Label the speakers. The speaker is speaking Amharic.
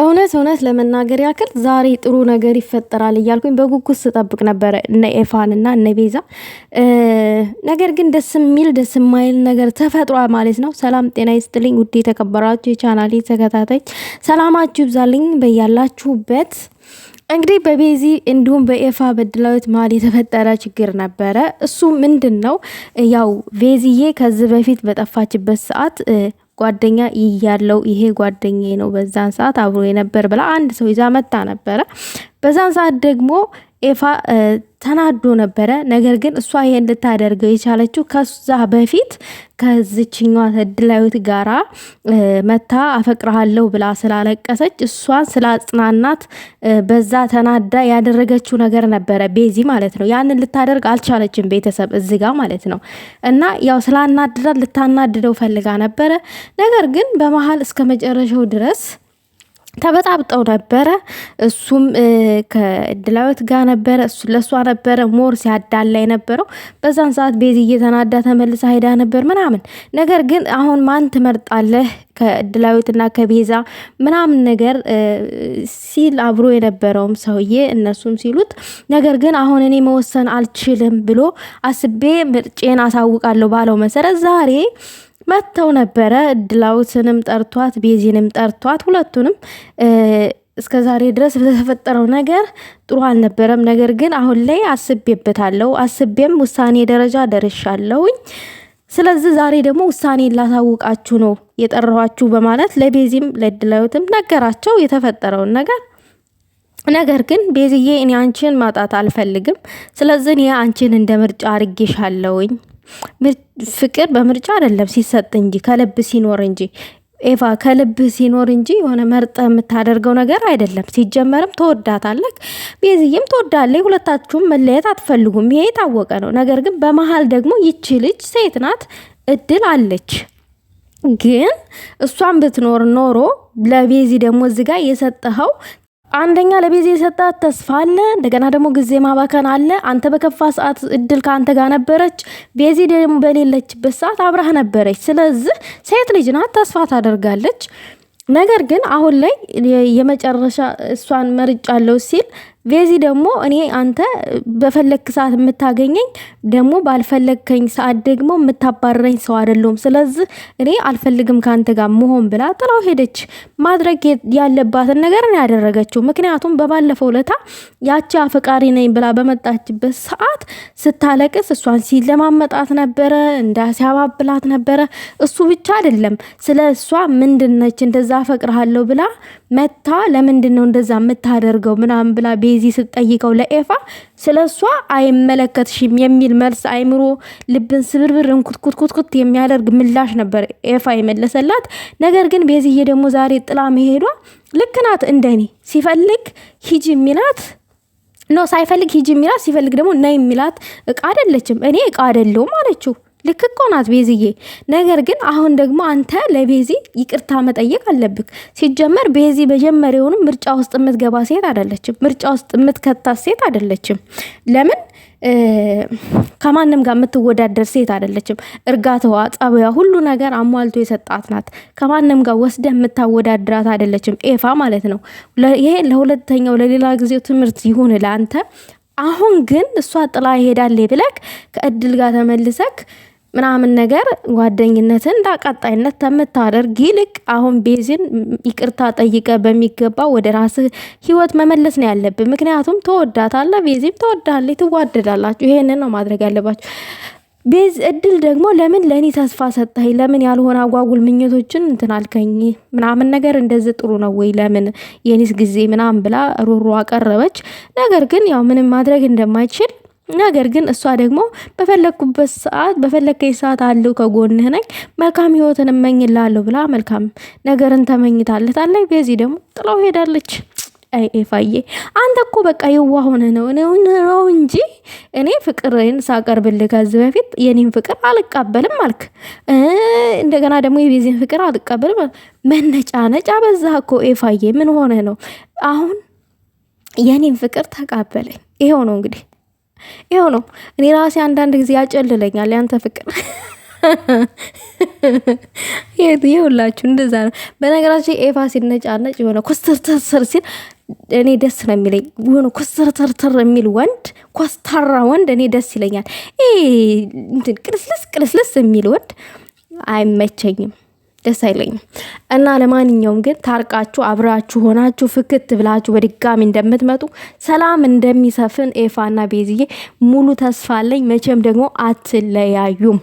Speaker 1: እውነት እውነት ለመናገር ያክል ዛሬ ጥሩ ነገር ይፈጠራል እያልኩኝ በጉጉት ስጠብቅ ነበረ እነ ኤፋን እና እነ ቤዛ። ነገር ግን ደስ የሚል ደስ የማይል ነገር ተፈጥሯል ማለት ነው። ሰላም ጤና ይስጥልኝ ውድ የተከበራችሁ የቻናሌ ተከታታይ ሰላማችሁ ይብዛልኝ በያላችሁበት። እንግዲህ በቤዚ እንዲሁም በኤፋ በድላዊት መሀል የተፈጠረ ችግር ነበረ። እሱ ምንድን ነው? ያው ቤዚዬ ከዚህ በፊት በጠፋችበት ሰዓት ጓደኛ ይያለው ይሄ ጓደኛዬ ነው በዛን ሰዓት አብሮ የነበር ብላ አንድ ሰው ይዛ መጣ ነበረ። በዛን ሰዓት ደግሞ ኤፋ ተናዶ ነበረ። ነገር ግን እሷ ይሄን ልታደርገው የቻለችው ከዛ በፊት ከዝችኛ እድላዊት ጋራ መታ አፈቅረሃለሁ ብላ ስላለቀሰች እሷን ስላጽናናት በዛ ተናዳ ያደረገችው ነገር ነበረ። ቤዚ ማለት ነው። ያንን ልታደርግ አልቻለችም። ቤተሰብ እዚ ጋ ማለት ነው። እና ያው ስላናድዳት ልታናድደው ፈልጋ ነበረ። ነገር ግን በመሀል እስከ መጨረሻው ድረስ ተበጣብጠው ነበረ። እሱም ከእድላዊት ጋር ነበረ፣ ለእሷ ነበረ ሞር ሲያዳላ የነበረው በዛን ሰዓት ቤዚ እየተናዳ ተመልሳ ሄዳ ነበር ምናምን። ነገር ግን አሁን ማን ትመርጣለህ ከእድላዊትና ከቤዛ ምናምን ነገር ሲል አብሮ የነበረውም ሰውዬ እነሱም ሲሉት፣ ነገር ግን አሁን እኔ መወሰን አልችልም ብሎ አስቤ ምርጬን አሳውቃለሁ ባለው መሰረት ዛሬ መጥተው ነበረ። እድላዊትንም ጠርቷት ቤዚንም ጠርቷት ሁለቱንም እስከ ዛሬ ድረስ ለተፈጠረው ነገር ጥሩ አልነበረም። ነገር ግን አሁን ላይ አስቤበታለሁ፣ አስቤም ውሳኔ ደረጃ ደርሻለሁኝ። ስለዚህ ዛሬ ደግሞ ውሳኔ ላሳውቃችሁ ነው የጠራኋችሁ በማለት ለቤዚም ለድላዩትም ነገራቸው የተፈጠረውን ነገር። ነገር ግን ቤዝዬ እኔ አንቺን ማጣት አልፈልግም፣ ስለዚህ እኔ አንቺን እንደ ምርጫ አርጌሻለውኝ። ፍቅር በምርጫ አይደለም ሲሰጥ እንጂ ከልብ ሲኖር እንጂ ኤፋ ከልብህ ሲኖር እንጂ የሆነ መርጠ የምታደርገው ነገር አይደለም። ሲጀመርም ተወዳታለህ፣ ቤዝዬም ተወዳለች። ሁለታችሁም መለየት አትፈልጉም፣ ይሄ የታወቀ ነው። ነገር ግን በመሀል ደግሞ ይቺ ልጅ ሴት ናት፣ እድል አለች። ግን እሷን ብትኖር ኖሮ ለቤዚ ደግሞ እዚጋ የሰጠኸው አንደኛ ለቤዜ የሰጣት ተስፋ አለ፣ እንደገና ደግሞ ጊዜ ማባከን አለ። አንተ በከፋ ሰዓት እድል ከአንተ ጋር ነበረች፣ ቤዜ ደግሞ በሌለችበት ሰዓት አብረህ ነበረች። ስለዚህ ሴት ልጅ ናት፣ ተስፋ ታደርጋለች። ነገር ግን አሁን ላይ የመጨረሻ እሷን መርጫለሁ ሲል በዚህ ደግሞ እኔ አንተ በፈለግክ ሰዓት የምታገኘኝ ደግሞ ባልፈለግከኝ ሰዓት ደግሞ የምታባረረኝ ሰው አይደለሁም። ስለዚህ እኔ አልፈልግም ከአንተ ጋር መሆን ብላ ጥላው ሄደች። ማድረግ ያለባትን ነገር ነው ያደረገችው። ምክንያቱም በባለፈው ለታ ያቺ አፈቃሪ ነኝ ብላ በመጣችበት ሰዓት ስታለቅስ እሷን ሲለማመጣት ነበረ፣ እንዳሲያባብላት ነበረ። እሱ ብቻ አይደለም ስለ እሷ ምንድነች እንደዛ አፈቅርሃለሁ ብላ መታ ለምንድን ነው እንደዛ የምታደርገው ምናምን ብላ ቤ ዴዚ ስትጠይቀው ለኤፋ ስለ እሷ አይመለከትሽም የሚል መልስ አይምሮ ልብን ስብርብር እንኩትኩትኩትኩት የሚያደርግ ምላሽ ነበር ኤፋ የመለሰላት። ነገር ግን ቤዝዬ ደግሞ ዛሬ ጥላ መሄዷ ልክ ናት። እንደኔ ሲፈልግ ሂጂ የሚላት ኖ ሳይፈልግ ሂጂ የሚላት ሲፈልግ ደግሞ ነይ የሚላት እቃ አደለችም። እኔ እቃ አይደለሁም አለችው። ልክ እኮ ናት ቤዝዬ። ነገር ግን አሁን ደግሞ አንተ ለቤዚ ይቅርታ መጠየቅ አለብክ። ሲጀመር ቤዚ መጀመሪያውንም ምርጫ ውስጥ የምትገባ ሴት አይደለችም። ምርጫ ውስጥ የምትከታት ሴት አይደለችም። ለምን ከማንም ጋር የምትወዳደር ሴት አይደለችም። እርጋታዋ፣ ጸባይዋ፣ ሁሉ ነገር አሟልቶ የሰጣት ናት። ከማንም ጋር ወስደ የምታወዳድራት አይደለችም። ኤፋ ማለት ነው። ይሄ ለሁለተኛው ለሌላ ጊዜው ትምህርት ይሁን ለአንተ። አሁን ግን እሷ ጥላ ይሄዳል ብለክ ከእድል ጋር ተመልሰክ ምናምን ነገር ጓደኝነትን እንዳቀጣይነት ከምታደርግ ይልቅ አሁን ቤዚን ይቅርታ ጠይቀ በሚገባ ወደ ራስህ ህይወት መመለስ ነው ያለብን። ምክንያቱም ተወዳታለ፣ ቤዚም ተወዳለ፣ ትዋደዳላችሁ። ይሄንን ነው ማድረግ ያለባችሁ። ቤዝ እድል ደግሞ ለምን ለእኔ ተስፋ ሰጠኸኝ? ለምን ያልሆነ አጓጉል ምኞቶችን እንትን አልከኝ ምናምን ነገር እንደዚ ጥሩ ነው ወይ? ለምን የኔስ ጊዜ ምናምን ብላ ሮሮ አቀረበች። ነገር ግን ያው ምንም ማድረግ እንደማይችል ነገር ግን እሷ ደግሞ በፈለግኩበት ሰዓት በፈለግከኝ ሰዓት አለው ከጎንህ ነኝ መልካም ህይወትን እመኝላለሁ ብላ መልካም ነገርን ተመኝታለታለች። በዚህ ደግሞ ጥለው ሄዳለች። ኤፋዬ አንተ እኮ በቃ የዋ ሆነ ነው ነው እንጂ እኔ ፍቅርን ሳቀርብልህ ከዚህ በፊት የኔን ፍቅር አልቀበልም አልክ። እንደገና ደግሞ የቤዚን ፍቅር አልቀበልም መነጫ በዛ እኮ ኤፋዬ ምን ሆነ ነው? አሁን የኔን ፍቅር ተቀበለኝ። ይሄው ነው እንግዲህ ይኸው ነው። እኔ ራሴ አንዳንድ ጊዜ ያጨልለኛል ያንተ ፍቅር ይሁላችሁ እንደዛ ነው። በነገራችን ኤፋ ሲነጫነጭ የሆነ ኮስተርተር ሲል እኔ ደስ ነው የሚለኝ። የሆነ ኮስተርተርተር የሚል ወንድ፣ ኮስታራ ወንድ እኔ ደስ ይለኛል። ይሄ ቅልስልስ ቅልስልስ የሚል ወንድ አይመቸኝም። ደስ አይለኝም እና ለማንኛውም ግን ታርቃችሁ አብራችሁ ሆናችሁ ፍክት ብላችሁ በድጋሚ እንደምትመጡ ሰላም እንደሚሰፍን ኤፋና ቤዝዬ ሙሉ ተስፋ አለኝ። መቼም ደግሞ አትለያዩም።